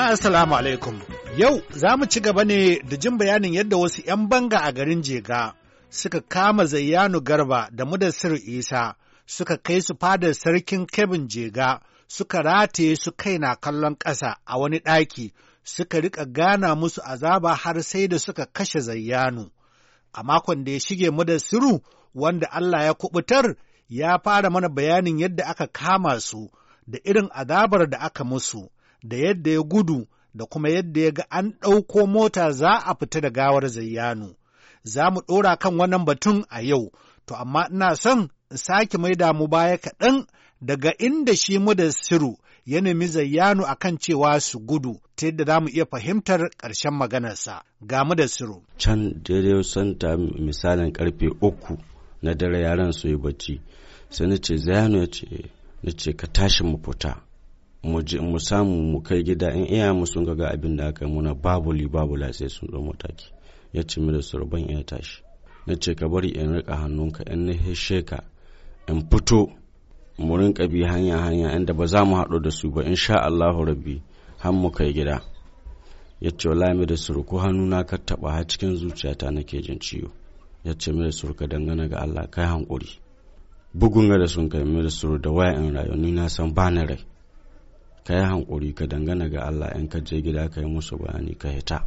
Jama'a Assalamu alaikum. Yau za mu ci gaba ne da jin bayanin yadda wasu 'yan banga a garin Jega suka kama Zayyanu Garba da Mudassir Isa suka kai su fadar sarkin Kebin Jega suka rataye su kai na kallon ƙasa a wani ɗaki suka riƙa gana musu azaba har sai da suka kashe Zayyanu. A makon da ya shige Mudassiru wanda Allah ya kubutar ya fara mana bayanin yadda aka kama su da irin azabar da aka musu. da yadda ya gudu da kuma yadda ya ga an ɗauko mota za a fita da gawar zayyanu. Za mu ɗora kan wannan batun a yau, to amma ina son in sake maida mu baya kaɗan daga inda shi mu da siru ya nemi zayyanu a kan cewa su gudu ta yadda za mu iya fahimtar ƙarshen maganarsa ga mu da siru. Can daidai santa misalin karfe uku na dare yaran su yi bacci sai na ce zayyanu ya ce na ce ka tashi mu fita mu samu mu kai gida in iya mu sun ga abin da aka muna babu li babu la sai sun ɗau mataki ya ce mi da surban ya tashi na ce ka bari in rika hannunka in na heshe ka in fito mu rinka bi hanya hanya inda ba za mu haɗu da su ba in sha Allahu rabbi har mu kai gida ya ce wala mi da surku hannuna ka taɓa har cikin zuciyata nake jin ciwo ya ce mi da surka dangane ga Allah kai hankuri bugun ga da sun kai mi da suru da waya in rayu ni na san ba rai ka yi hankuri ka dangana ga Allah in ka je gida ka yi musu bayani ka hita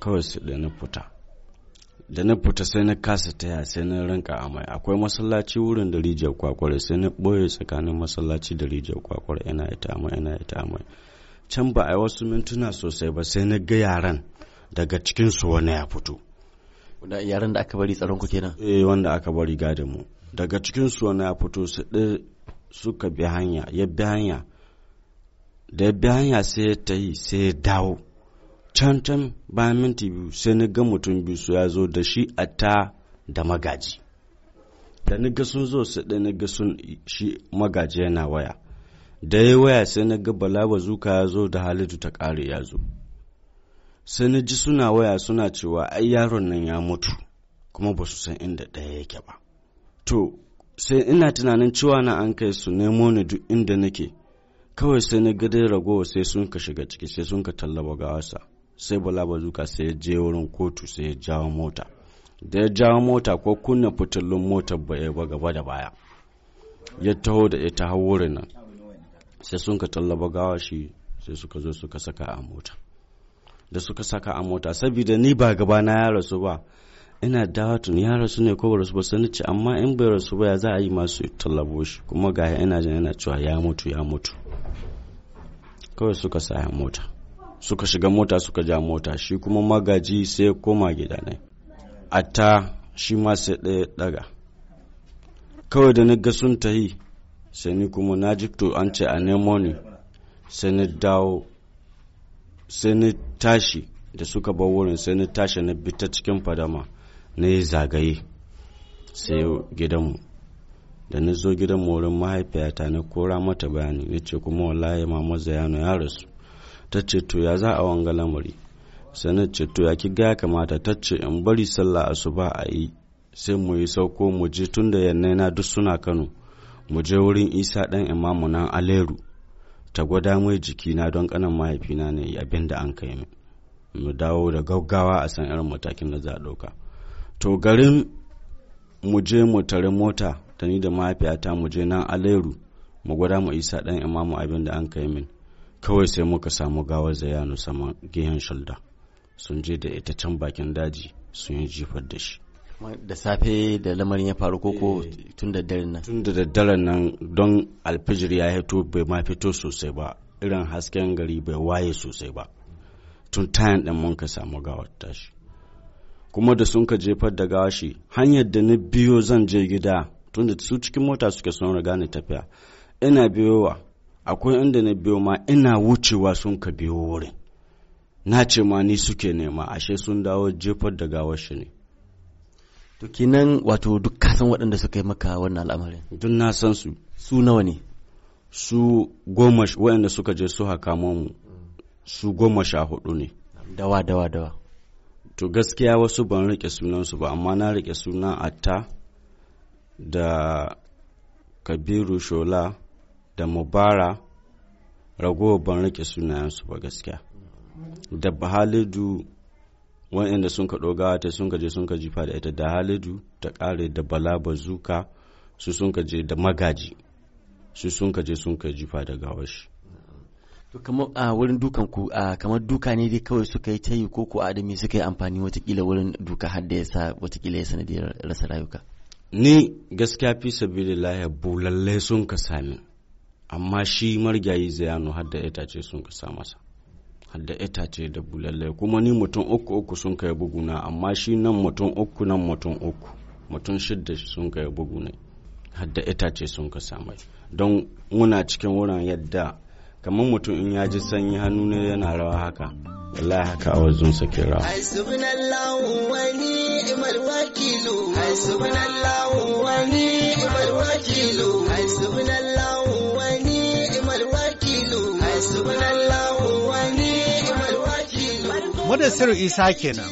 kawai su da na fita da na fita sai na kasa taya sai na ranka amai akwai masallaci wurin da rijiyar kwakwar sai na ɓoye tsakanin masallaci da rijiyar kwakwar ina ita amai ina ita amai can ba a yi wasu mintuna sosai ba sai na ga yaran daga cikinsu wani ya fito da yaran da aka bari tsaron ku kenan eh wanda aka bari gadin mu daga cikinsu wani ya fito su suka bi hanya ya bi hanya da ya bi hanya sai ya ta yi sai ya dawo can can bayan minti biyu sai na ga mutum biyu su ya zo da shi a ta da magaji da na ga sun zo sai na ga sun shi magaji yana waya da ya waya sai na ga bala bazuka ya zo da halittu ta ƙare ya zo sai na ji suna waya suna cewa ai yaron nan ya mutu kuma ba su san inda ɗaya yake ba to sai ina tunanin cewa na an kai su nemo ni duk inda nake kawai sai na gadin ragowa sai sun ka shiga ciki sai sun ka tallaba ga wasa sai bala bazuka sai ya je wurin kotu sai ya jawo mota da ya jawo mota ko kunna fitilun mota ba ba gaba da baya ya taho da ita har wurin nan sai sun ka tallaba gawa shi sai suka zo suka saka a mota da suka saka a mota saboda ni ba gaba na ya rasu ba ina dawa ya rasu ne ko ba rasu ba sani ce amma in bai rasu ba ya za a yi masu tallabo shi kuma ga ina jin cewa ya mutu ya mutu kawai suka saya mota suka shiga mota suka ja mota shi kuma magaji sai koma gida ne ta shi ma sai ɗaya daga kawai da na ga sun tahi sai ni kuma na ji to an ce a nemo ni sai ni dawo sai ni tashi da suka bar wurin sai ni tashi na bi ta cikin fadama na yi zagaye sai gidanmu da na zo gidan morin mahaifiyata na kora mata bayani na ce kuma wallahi mama zayano ya rasu ta ce to ya za a wanga lamari sai na ce to ya ki ga ya kamata ta ce in bari sallah asuba a yi sai mu yi sauko mu je tun da na duk suna kano mu je wurin isa dan imamu nan aleru ta gwada mai jiki na don kanan mahaifina ne abin da an kai mu dawo da gaggawa a san irin matakin da za a ɗauka to garin mu je mu tare mota ta ni da mahaifiyata mu je nan alairu mu gwada mu isa dan imamu abin da an kai min kawai sai muka samu gawar zayanu sama gehen shulda sun je da ita can bakin daji sun yi jifar da shi da safe da lamarin ya faru koko eh. tun da daren nan tun da daddaren nan don alfijir ya hito bai ma fito sosai ba irin hasken gari bai waye sosai ba tun tayan din mun ka samu gawar tashi kuma da sun ka jefar da gawashi hanyar da na biyo zan je gida tunda su cikin mota suke sun riga ni tafiya ina biyo wa akwai inda na biyo ma ina wucewa sun ka biyo wurin na ce ma ni suke nema ashe sun dawo jefar da gawar shi ne to kinan wato duk ka san waɗanda suka yi maka wannan al'amarin duk na san su su nawa ne su goma waɗanda suka je su haka mu su goma sha hudu ne dawa dawa dawa to gaskiya wasu ban rike sunansu ba amma na rike sunan atta da kabiru shola da mubara ragowa ban rike sunayensu ba gaskiya da halidu wa'inda sun ka ɗoga ta sun ka je sun ka jifa da ita da halidu ta ƙare da bala bazuka su sun ka je da magaji su sun ka je sun ka jifa da gawashi to kamar a wurin dukan ku a kamar duka ne dai kawai suka yi tayi ko ko adami suka yi amfani watakila wurin duka har da sa watakila ya sanadiyar rasa rayuka ni gaskiya fi sabilillahi bulalle sun ka sami amma shi margayi zayano har da itace sun ka sa masa har itace da bulalle kuma ni mutum uku uku sun kai buguna amma shi nan mutum uku nan mutum uku mutum shidda sun kai buguna hada itace sun ka sami don muna cikin wurin yadda kamar mutum in ya ji sanyi hannu ne yana rawa haka wallahi haka a wajen sakin rawa ai isa kenan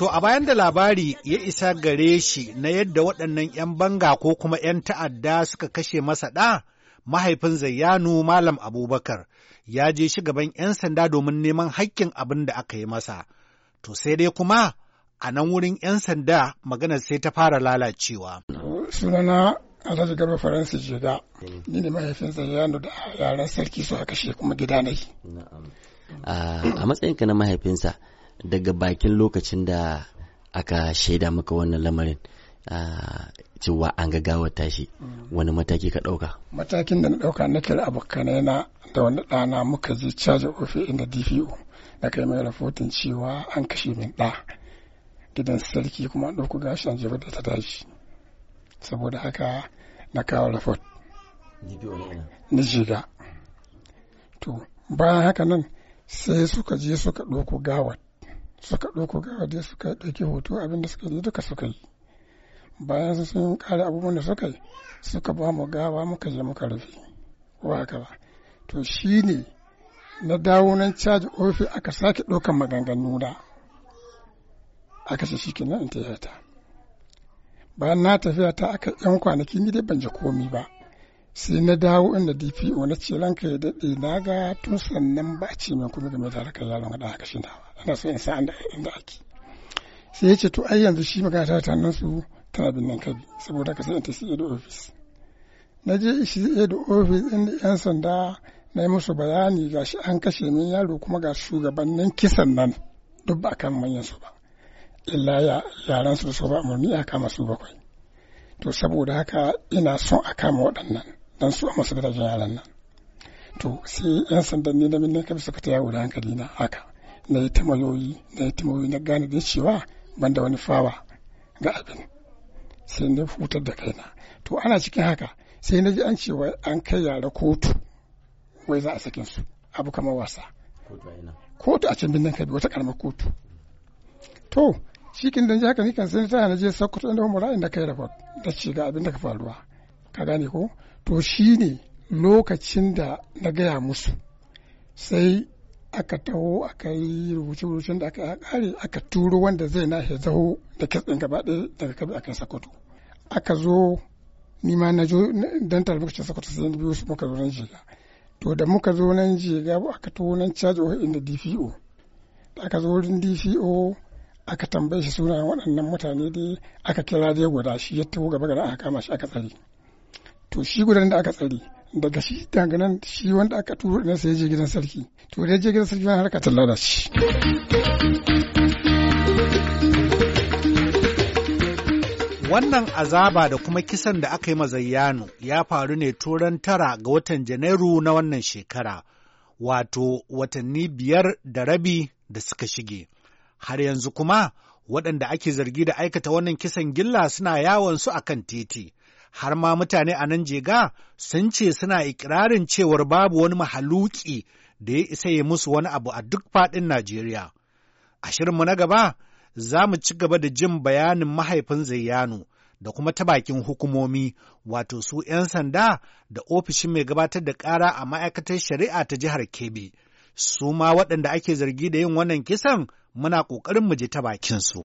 To a bayan da labari ya isa gare shi na yadda waɗannan 'yan banga ko kuma 'yan ta'adda suka kashe masa ɗa, mahaifin Zayyanu Malam Abubakar ya je shi gaban 'yan sanda domin neman hakkin abin da aka yi masa. To sai dai kuma a nan wurin 'yan sanda maganar sai ta fara lalacewa. Sunana Alhaji gaba Faransi Jega, ni ne mahaifin Zayyanu da yaran sarki su aka kashe kuma gida ne. A matsayinka na mahaifinsa daga bakin lokacin da aka shaida maka wannan lamarin. cewa an gaggawa tashi wani mataki ka ɗauka? matakin da na ɗauka na kira abokanai na da wani ɗana muka je caji ofe inda dpo na kai mai rahoton cewa an kashe min ɗa gidan sarki kuma an ɗauko gashi an jefa da ta tashi saboda haka na kawo rahot na jiga to bayan haka nan sai suka je suka ɗauko gawa suka ɗauko gawa dai suka ɗauki hoto abinda suka yi duka suka yi bayan sun kare abubuwan da suka yi suka ba mu gawa muka je muka rufe ko haka ba to shi ne na dawo nan caji ofi aka sake ɗaukan maganganu da aka ce shi na in ta bayan na tafiya ta aka yan kwanaki ni dai ban ji komi ba sai na dawo inda dpo na ce ranka ya daɗe na ga tun sannan ba ce min kuma game da harkar yaron da aka shi na ana so in sa inda ake sai ya ce to ai yanzu shi magana ta nan su tana binnan kabi saboda ka sanya ta siya da ofis na je shi da ofis inda yan sanda na yi musu bayani ga shi an kashe min yaro kuma ga shugabannin kisan nan duk ba kan manyan su ba illa yaran su da su ba umarni a kama su bakwai to saboda haka ina son a kama waɗannan dan su a masu darajar yaran nan to sai yan sandan ne na binnan kabi suka ta yawo da hankali na haka na yi tamayoyi na yi tamayoyi na gane da cewa ban da wani fawa ga abin sai na futar da kaina to ana cikin haka sai na ji an cewa an kai yara kotu wai za a sakin su abu kamar wasa kotu a can birnin kabi wata karamar kotu to shi kin dan haka ni kan sai ta na je sakkwato da mura inda kai report da ci ga abin da ka faruwa ka gane ko to shine lokacin da na gaya musu sai aka taho aka yi rubuce-rubucen da aka kare aka turo wanda zai na ya zaho da kitsin gaba ɗaya daga kabi akan sakoto aka zo ni na jo dan talibin sakoto sai na biyu su muka zo nan jiga to da muka zo nan jiga aka taho nan caji wa inda dpo da aka zo wurin dpo aka tambaye shi sunayen waɗannan mutane dai aka kira dai guda shi ya taho gaba gaba aka kama shi aka tsare to shi gudan da aka tsare daga shi daga shi wanda aka turo na sai je gidan sarki to da je gidan sarki har ka tallala shi Wannan azaba da kuma kisan da aka yi mazayyano ya faru ne turan tara ga watan Janairu na wannan shekara, wato watanni biyar da rabi da suka shige. Har yanzu kuma waɗanda ake zargi da aikata wannan kisan gilla suna yawon su akan titi. har ma mutane a nan jega sun ce suna ikirarin cewar babu wani mahaluki da ya isa ya musu wani abu a duk faɗin Najeriya. A shirinmu na gaba za mu ci gaba da jin bayanin mahaifin Zayyano da kuma ta bakin hukumomi wato su 'yan sanda da ofishin mai gabatar da ƙara a ma'aikatar shari'a ta jihar Kebbi. Su ma waɗanda ake zargi da yin wannan kisan muna ƙoƙarin mu je ta bakinsu.